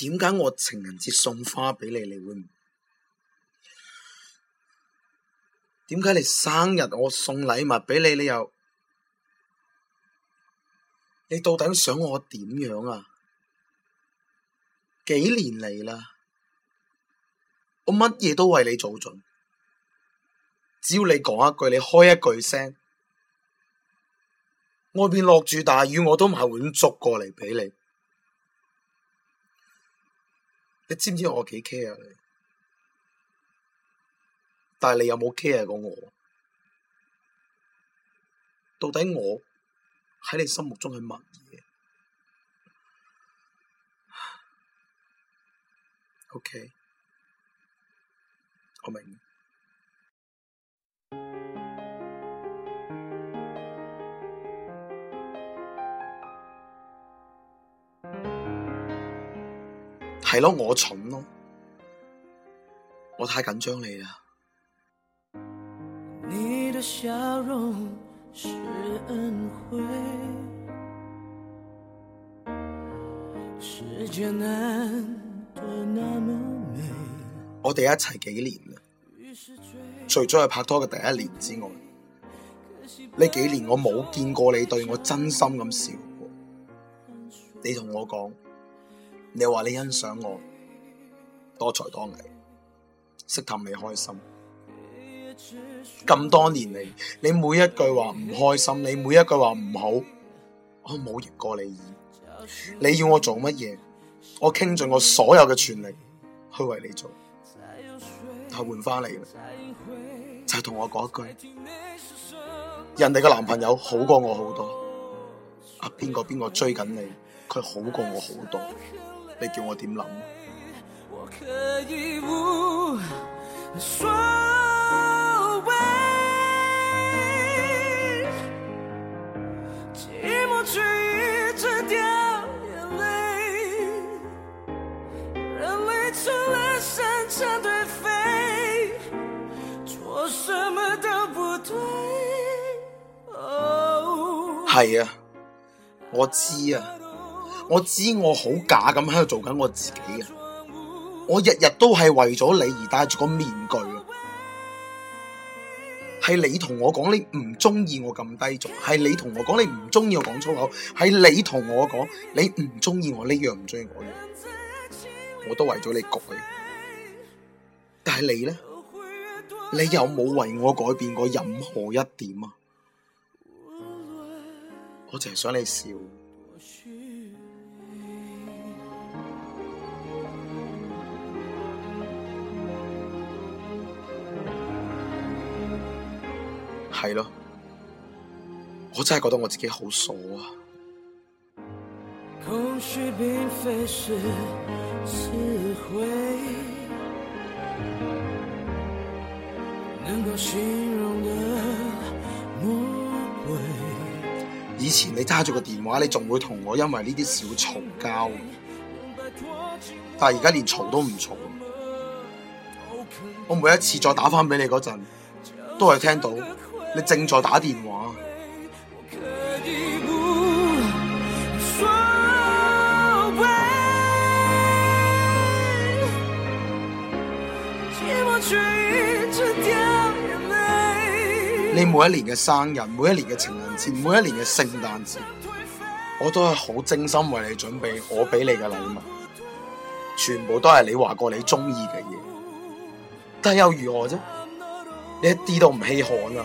點解我情人節送花畀你？你會唔？點解你生日我送禮物畀你？你又？你到底想我點樣啊？幾年嚟啦，我乜嘢都為你做盡，只要你講一句，你開一句聲，外邊落住大雨，我都買碗粥過嚟畀你。你知唔知我幾 care 你？但係你有冇 care 過我？到底我喺你心目中係乜嘢？OK，我明。係咯， 我蠢咯，我太緊張你啦。你嘅笑容是恩惠。我哋一齊幾年啦，除咗係拍拖嘅第一年之外，呢幾年我冇見過你對我真心咁笑過。你同我講。你話你欣賞我，多才多藝，識氹你開心。咁多年嚟，你每一句話唔開心，你每一句話唔好，我冇逆過你意。你要我做乜嘢？我傾盡我所有嘅全力去為你做。但換翻嚟，就係同我講一句：人哋嘅男朋友好過我好多。啊，邊個邊個追緊你？佢好過我好多，你叫我點諗？係，嗯，啊，我知啊。我知我好假咁喺度做緊我自己啊。我日日都係為咗你而戴住個面具啊。係你同我講你唔中意我咁低俗，係你同我講你唔中意我講粗口，係你同我講你唔中意我呢樣唔中意我樣，我都為咗你改。但係你呢？你有冇為我改變過任何一點啊！我淨係想你笑。係咯，我真係覺得我自己好傻啊！以前你揸住個電話，你仲會同我因為呢啲事會嘈交，但係而家連嘈都唔嘈。我每一次再打翻俾你嗰陣，都係聽到。你正在打電話。你每一年嘅生日，每一年嘅情人節，每一年嘅聖誕節，我都係好精心為你準備我俾你嘅禮物，全部都係你話過你中意嘅嘢，但又如何啫？你一啲都唔稀罕啊！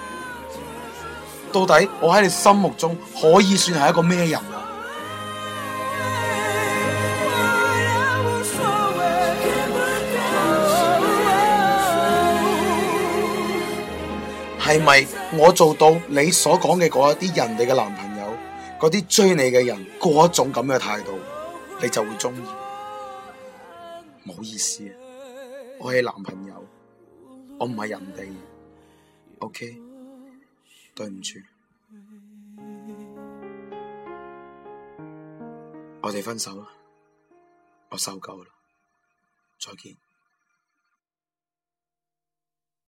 到底我喺你心目中可以算係一個咩人啊？係咪我做到你所講嘅嗰一啲人哋嘅男朋友，嗰啲追你嘅人嗰一種咁嘅態度，你就會中意？唔好意思，我係男朋友，我唔係人哋。OK。對唔住，我哋分手啦，我受夠啦，再見。